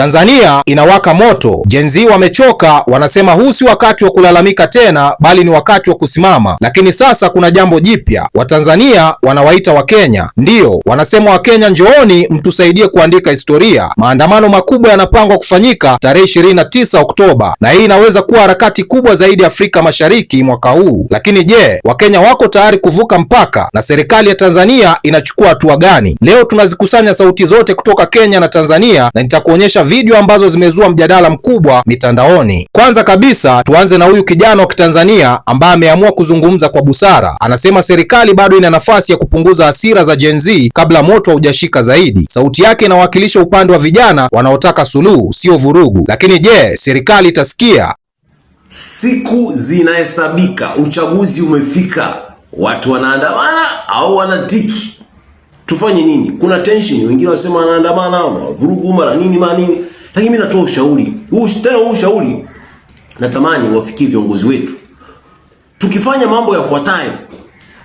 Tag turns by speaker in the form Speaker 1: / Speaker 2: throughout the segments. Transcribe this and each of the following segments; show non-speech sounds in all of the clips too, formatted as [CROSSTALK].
Speaker 1: Tanzania inawaka moto. Gen Z wamechoka, wanasema huu si wakati wa kulalamika tena, bali ni wakati wa kusimama. Lakini sasa kuna jambo jipya, Watanzania wanawaita Wakenya. Ndiyo, wanasema Wakenya njooni, mtusaidie kuandika historia. Maandamano makubwa yanapangwa kufanyika tarehe 29 Oktoba, na hii inaweza kuwa harakati kubwa zaidi Afrika Mashariki mwaka huu. Lakini je, Wakenya wako tayari kuvuka mpaka, na serikali ya Tanzania inachukua hatua gani? Leo tunazikusanya sauti zote kutoka Kenya na Tanzania na nitakuonyesha video ambazo zimezua mjadala mkubwa mitandaoni. Kwanza kabisa tuanze na huyu kijana wa Kitanzania ambaye ameamua kuzungumza kwa busara. Anasema serikali bado ina nafasi ya kupunguza hasira za Gen Z kabla moto haujashika zaidi. Sauti yake inawakilisha upande wa vijana wanaotaka suluhu, sio vurugu. Lakini je, serikali itasikia?
Speaker 2: Siku zinahesabika, uchaguzi umefika, watu wanaandamana au wanatiki tufanye nini? Kuna tension, wengine wasema anaandamana vurugu mara nini mara nini, lakini mimi natoa ushauri huu, tena huu ushauri natamani wafikie viongozi wetu. Tukifanya mambo yafuatayo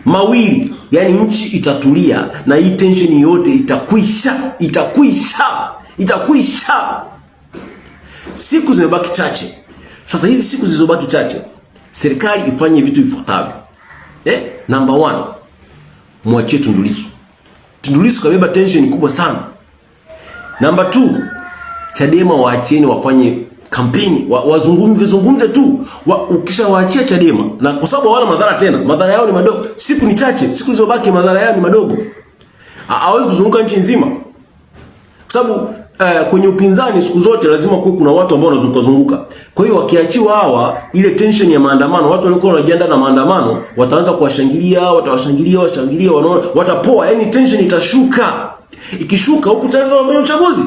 Speaker 2: mawili, yani nchi itatulia na hii tension yote itakwisha, itakwisha, itakwisha. Siku zimebaki chache. Sasa hizi siku zilizobaki chache, serikali ifanye vitu vifuatavyo. Eh, number one, mwachie Tundu Lissu Tundu Lissu kabeba tension kubwa sana. Namba 2, Chadema waachieni wafanye kampeni wa, wazungumze tu wa, ukisha waachia Chadema na kwa sababu hawana madhara tena, madhara yao ni madogo, siku ni chache, siku zilizobaki madhara yao ni madogo, hawezi kuzunguka nchi nzima kwa sababu Uh, kwenye upinzani siku zote lazima kuwe kuna watu ambao wanazunguka zunguka. Kwa hiyo wakiachiwa hawa, ile tension ya maandamano, watu walikuwa wanajiandaa na maandamano wataanza kuwashangilia, watawashangilia, washangilia, wanaona watapoa, yani tension itashuka. Ikishuka huku tayari tunafanya uchaguzi.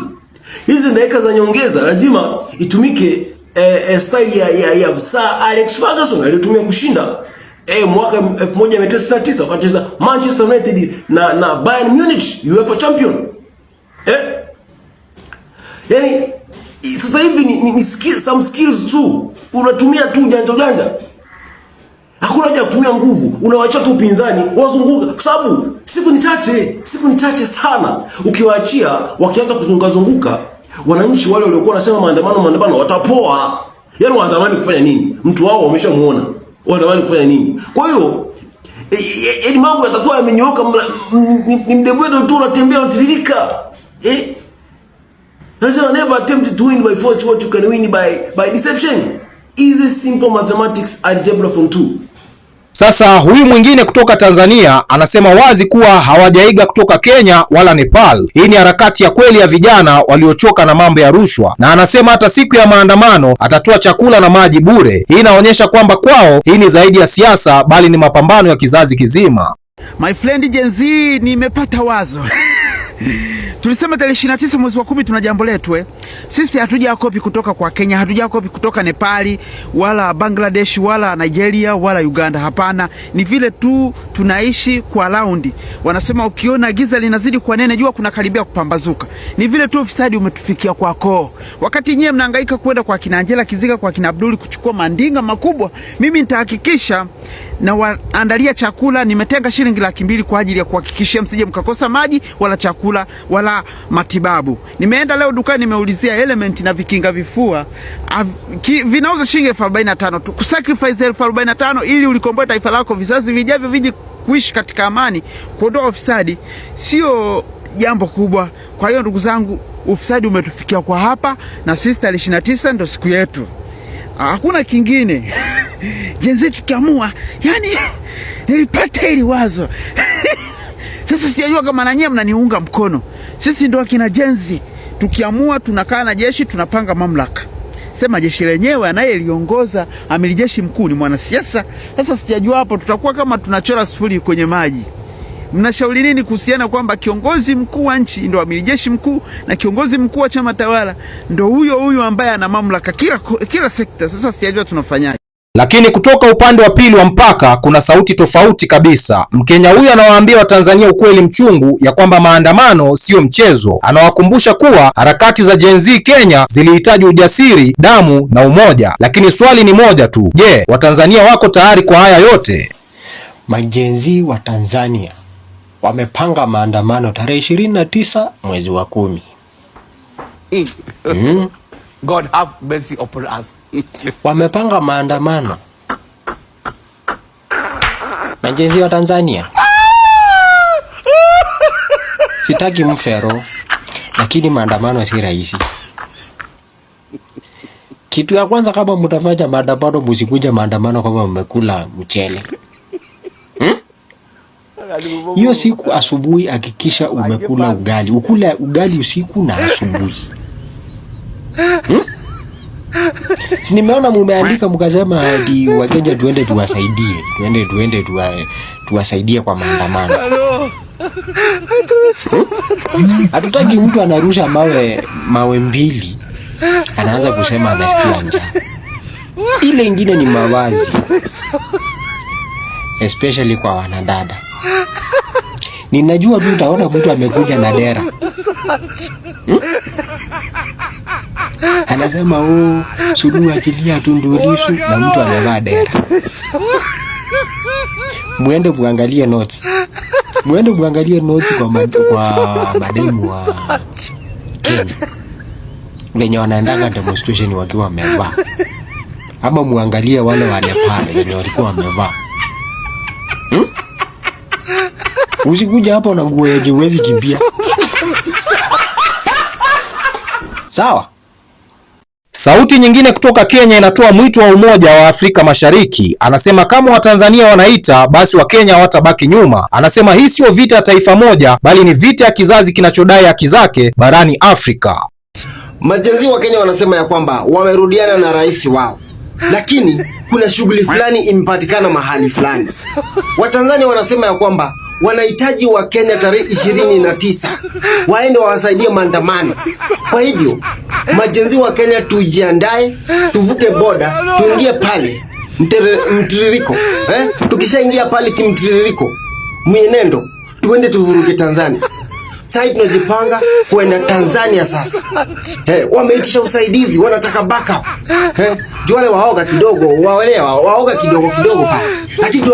Speaker 2: Hizi dakika za nyongeza lazima itumike eh, eh, style ya, ya, ya Sir Alex Ferguson aliyotumia kushinda eh, mwaka 1999 wakati Manchester United na na Bayern Munich UEFA champion. Eh? Yaani sasa hivi ni, ni, ni skill, some skills tu unatumia tu ujanja ujanja, hakuna haja kutumia nguvu, unawaachia tu upinzani wazunguka, kwa sababu siku ni chache, siku ni chache sana. Ukiwaachia wakianza kuzunguka zunguka, wananchi wale waliokuwa wanasema maandamano maandamano watapoa. Yaani wanatamani kufanya nini? Mtu wao wameshamuona, wanatamani kufanya nini? Kwa hiyo yaani mambo yatakuwa yamenyooka, ni mdevu wetu tu unatembea unatiririka eh Anasema never attempt to win by force what you can win by, by deception. Easy simple mathematics algebra from two.
Speaker 1: Sasa huyu mwingine kutoka Tanzania anasema wazi kuwa hawajaiga kutoka Kenya wala Nepal. Hii ni harakati ya kweli ya vijana waliochoka na mambo ya rushwa, na anasema hata siku ya maandamano atatoa chakula na maji bure. Hii inaonyesha kwamba kwao hii ni zaidi ya siasa, bali ni mapambano ya kizazi kizima.
Speaker 3: My friend Gen Z, nimepata wazo [LAUGHS] [LAUGHS] Tulisema tarehe 29 mwezi wa kumi tuna jambo letu eh. Sisi hatuja kopi kutoka kwa Kenya, hatuja kopi kutoka Nepali wala Bangladesh wala Nigeria wala Uganda. Hapana, ni vile tu tunaishi kwa raundi. Wanasema ukiona giza linazidi kwa nene, jua kuna karibia kupambazuka. Ni vile tu ufisadi umetufikia kwa koo. Wakati nyie mnahangaika kwenda kwa kina Angela Kiziga, kwa kina Abduli kuchukua mandinga makubwa, mimi nitahakikisha na waandalia chakula. Nimetenga shilingi laki mbili kwa ajili ya kuhakikishia msije mkakosa maji wala chakula chakula wala matibabu. Nimeenda leo dukani, nimeulizia element na vikinga vifua vinauza shilingi elfu arobaini na tano tu. Kusacrifice elfu arobaini na tano ili ulikomboe taifa lako, vizazi vijavyo viji kuishi katika amani, kuondoa ufisadi sio jambo kubwa. Kwa hiyo ndugu zangu, ufisadi umetufikia kwa hapa, na sisi tarehe ishirini na tisa ndo siku yetu, hakuna kingine. Jenzi [LAUGHS] tukiamua, yani [LAUGHS] nilipata hili wazo [LAUGHS] Sasa sijajua kama na nyie mnaniunga mkono. Sisi ndo akina jenzi, tukiamua tunakaa na jeshi tunapanga mamlaka. Sema jeshi lenyewe anayeliongoza amiri jeshi mkuu ni mwanasiasa. Sasa sijajua hapo tutakuwa kama tunachora sufuri kwenye maji. Mnashauri nini kuhusiana kwamba kiongozi mkuu wa nchi ndo amiri jeshi mkuu na kiongozi mkuu wa chama tawala ndo huyo huyo ambaye ana mamlaka kila, kila sekta. Sasa sijajua tunafanyaje.
Speaker 1: Lakini kutoka upande wa pili wa mpaka kuna sauti tofauti kabisa. Mkenya huyu anawaambia Watanzania ukweli mchungu ya kwamba maandamano siyo mchezo. Anawakumbusha kuwa harakati za Gen Z Kenya zilihitaji ujasiri, damu na umoja. Lakini swali ni moja tu, je, Watanzania wako tayari kwa haya yote?
Speaker 4: Majenzi wa Tanzania wamepanga maandamano tarehe 29 mwezi wa kumi. Mm. God have mercy upon us wamepanga maandamano na jenzi wa Tanzania. Sitaki mfero, lakini maandamano si rahisi. Kitu ya kwanza, kama mtafanya maandamano, musikuja maandamano kama mmekula mchele hmm? hiyo hmm? siku asubuhi hakikisha umekula ugali, ukula ugali usiku na asubuhi Si nimeona mumeandika mkasema [LAUGHS] ati Wakenya tuende tuwasaidie, tuende tuende tuwa, tuwasaidie kwa maandamano. Hmm? Hatutaki mtu anarusha mawe mawe mbili anaanza kusema anasikia njaa. Ile ingine ni mawazi, especially kwa wanadada. Ninajua tu utaona mtu amekuja na dera hmm? anasema oh, sudu achilia Tundu Lissu na mtu amevaa dera. Mwende muangalie notes, mwende muangalie notes kwa, mad kwa mademu wa Kenya wenye wanaendaga demonstration wakiwa wamevaa, ama muangalie wale wa Nepal wenye walikuwa wamevaa hmm? Usikuja hapa na nguo yenye uwezi kimbia. [LAUGHS] Sawa.
Speaker 1: Sauti nyingine kutoka Kenya inatoa mwito wa umoja wa Afrika Mashariki. Anasema kama Watanzania wanaita basi Wakenya hawatabaki nyuma. Anasema hii sio vita ya taifa moja, bali ni vita ya kizazi kinachodai haki zake barani Afrika.
Speaker 2: Majenzi wa Kenya wanasema ya kwamba wamerudiana na rais wao, lakini kuna shughuli fulani imepatikana mahali fulani. Watanzania wanasema ya kwamba wanahitaji wa kenya tarehe ishirini na tisa waende wawasaidie maandamano. Kwa hivyo majenzi wa Kenya, tujiandae, tuvuke boda, tuingie pale mtiririko eh? Tukishaingia pale kimtiririko mwenendo, tuende tuvuruke Tanzania. Sasa tunajipanga kwenda Tanzania sasa. Eh, wameitisha usaidizi, wanataka backup. Eh, jwale waoga kidogo, waelewa, waoga kidogo kidogo pale. Lakini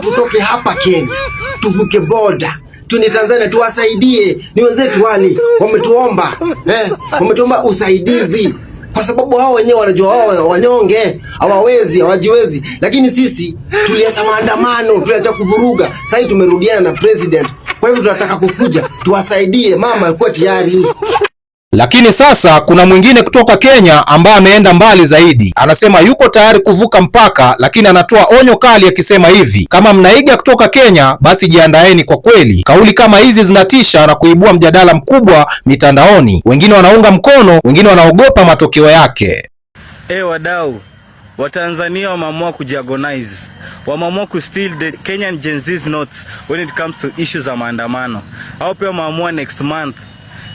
Speaker 2: tutoke hapa Kenya tuvuke boda tu ni Tanzania tuwasaidie, ni wenzetu wale wametuomba eh, wametuomba usaidizi kwa sababu hao wenyewe wanajua wao wanyonge, hawawezi, hawajiwezi. Lakini sisi tuliacha maandamano, tuliacha kuvuruga, sasa hivi tumerudiana na president. Kwa hivyo tunataka kukuja tuwasaidie, mama alikuwa tayari
Speaker 1: lakini sasa kuna mwingine kutoka Kenya ambaye ameenda mbali zaidi, anasema yuko tayari kuvuka mpaka, lakini anatoa onyo kali akisema hivi, kama mnaiga kutoka Kenya basi jiandaeni kwa kweli. Kauli kama hizi zinatisha na kuibua mjadala mkubwa mitandaoni, wengine wanaunga mkono, wengine wanaogopa matokeo yake.
Speaker 5: Hey, eh, wadau Watanzania wameamua kujiagonize, wameamua ku steal the Kenyan Gen Z's notes when it comes to issues za maandamano. Au pia wameamua next month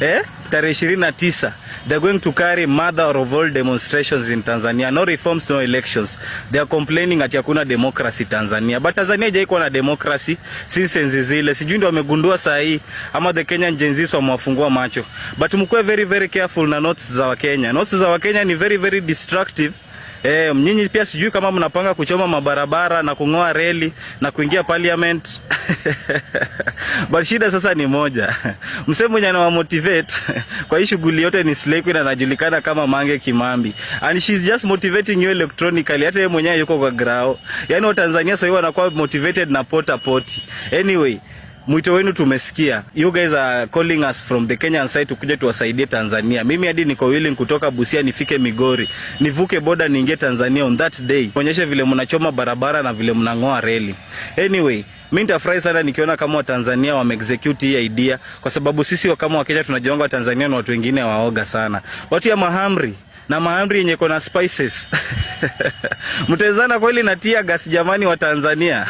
Speaker 5: eh? tarehe 29 they're going to carry mother of all demonstrations in Tanzania. No reforms, no elections. They are complaining ati hakuna democracy Tanzania. But Tanzania haijaikuwa na democracy since enzi zile. Sijui ndio wamegundua saa hii ama the Kenyan Gen Z wamewafungua macho. But mkuwe very very careful na notes za Wakenya. Notes za Wakenya ni very very destructive. Eh, mnyinyi pia sijui kama mnapanga kuchoma mabarabara na kung'oa reli na kuingia parliament. [LAUGHS] But shida sasa ni moja. Msee mwenye anawa motivate kwa hii shughuli yote ni Slay na anajulikana kama Mange Kimambi. And she's just motivating you electronically. Hata yeye mwenyewe yuko kwa grao. Yaani Watanzania sasa hivi wanakuwa motivated na pota poti. Anyway, Mwito wenu tumesikia. You guys are calling us from the Kenyan side tukuje tuwasaidie Tanzania. Mimi hadi niko willing kutoka Busia nifike Migori, nivuke boda niingie Tanzania on that day. Onyeshe vile mnachoma barabara na vile mnang'oa reli. Anyway, mimi nitafurahi sana nikiona kama Watanzania wameexecute hii idea kwa sababu sisi kama Wakenya tunajiona Watanzania na watu wengine waoga sana. Watu ya mahamri na mahamri yenye kona spices [LAUGHS] mtezana kweli na tia gas jamani wa Tanzania. [LAUGHS]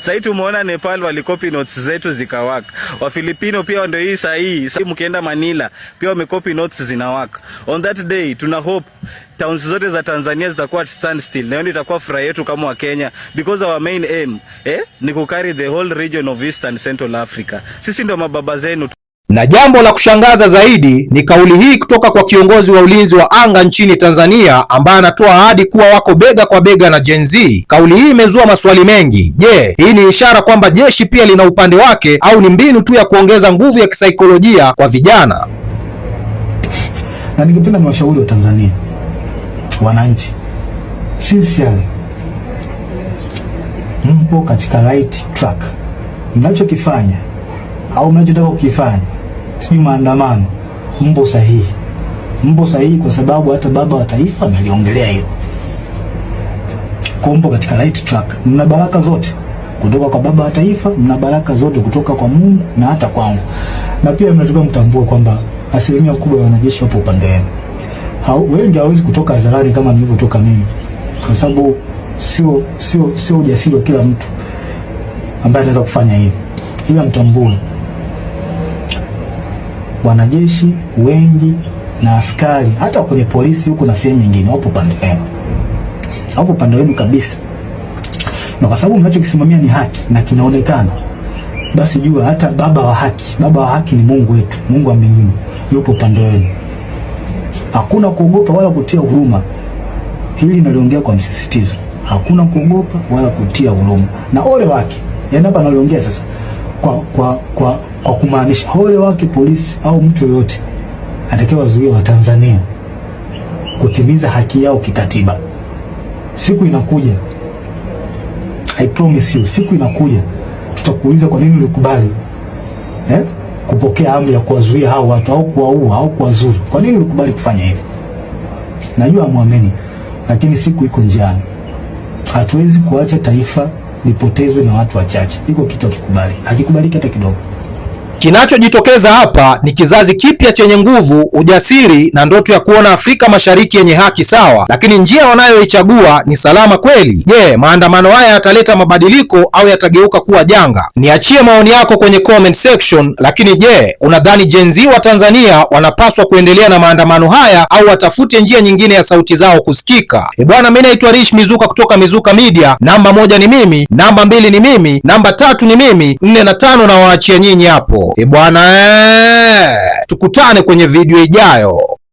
Speaker 5: Sasa tumeona Nepal walikopi notes zetu zikawaka. Wa Filipino pia ndio hii sahihi. Sasa mkienda Manila pia wamekopi notes zinawaka. On that day tuna hope towns zote za Tanzania zitakuwa at standstill, na hiyo itakuwa furaha yetu kama wa Kenya, because our main aim eh, ni kukari the whole region of East and Central Africa. Sisi ndio mababa zenu.
Speaker 1: Na jambo la kushangaza zaidi ni kauli hii kutoka kwa kiongozi wa ulinzi wa anga nchini Tanzania ambaye anatoa ahadi kuwa wako bega kwa bega na Gen Z. Kauli hii imezua maswali mengi. Je, hii ni ishara kwamba jeshi pia lina upande wake au ni mbinu tu ya kuongeza nguvu ya kisaikolojia kwa vijana?
Speaker 6: Na ningependa niwashauri wa Tanzania, wananchi, sisi yale mpo katika right track, mnachokifanya au mnachotaka kukifanya sijui maandamano, mbo sahihi, mbo sahihi, kwa sababu hata baba wa taifa naliongelea hilo. Mpo katika right track, mna baraka zote kutoka kwa baba wa taifa, mna baraka zote kutoka kwa Mungu na hata kwangu, na pia mnatakiwa mtambue kwamba asilimia kubwa ya wanajeshi wapo upande wenu. Wengi hawezi kutoka hadharani kama nilivyotoka mimi, kwa sababu sio sio sio ujasiri wa kila mtu ambaye anaweza kufanya hivyo, ila mtambue wanajeshi wengi na askari hata kwenye polisi huko na sehemu nyingine wapo pande yenu, wapo pande wenu kabisa. Na kwa sababu mnachokisimamia ni haki na kinaonekana, basi jua hata baba wa haki, baba wa haki ni Mungu wetu, Mungu wa mbinguni yupo pande wenu. Hakuna kuogopa wala kutia huruma. Hili naliongea kwa msisitizo, hakuna kuogopa wala kutia huruma, na ole wake, Yani hapa naliongea sasa kwa, kwa, kwa, kwa kumaanisha ole wake polisi au mtu yoyote anatakiwa wa Watanzania kutimiza haki yao kikatiba. Siku inakuja, I promise you, siku inakuja tutakuuliza kwa nini ulikubali eh, kupokea amri ya kuwazuia hao watu au kuwaua au kuwazuru. Kwa nini ulikubali kufanya hivi? Najua hamwamini, lakini siku iko njiani. Hatuwezi kuacha taifa lipotezwe na watu wachache. Iko kitu akikubali, hakikubaliki hata kidogo.
Speaker 1: Kinachojitokeza hapa ni kizazi kipya chenye nguvu, ujasiri na ndoto ya kuona Afrika Mashariki yenye haki sawa, lakini njia wanayoichagua ni salama kweli? Je, yeah, maandamano haya yataleta mabadiliko au yatageuka kuwa janga? Niachie maoni yako kwenye comment section, lakini je, yeah, unadhani Gen Z wa Tanzania wanapaswa kuendelea na maandamano haya au watafute njia nyingine ya sauti zao kusikika? E bwana, mimi naitwa Rish Mizuka kutoka Mizuka Media. Namba moja ni mimi, namba mbili ni mimi, namba tatu ni mimi, nne na tano na waachia nyinyi hapo. E tukutane kwenye video ijayo.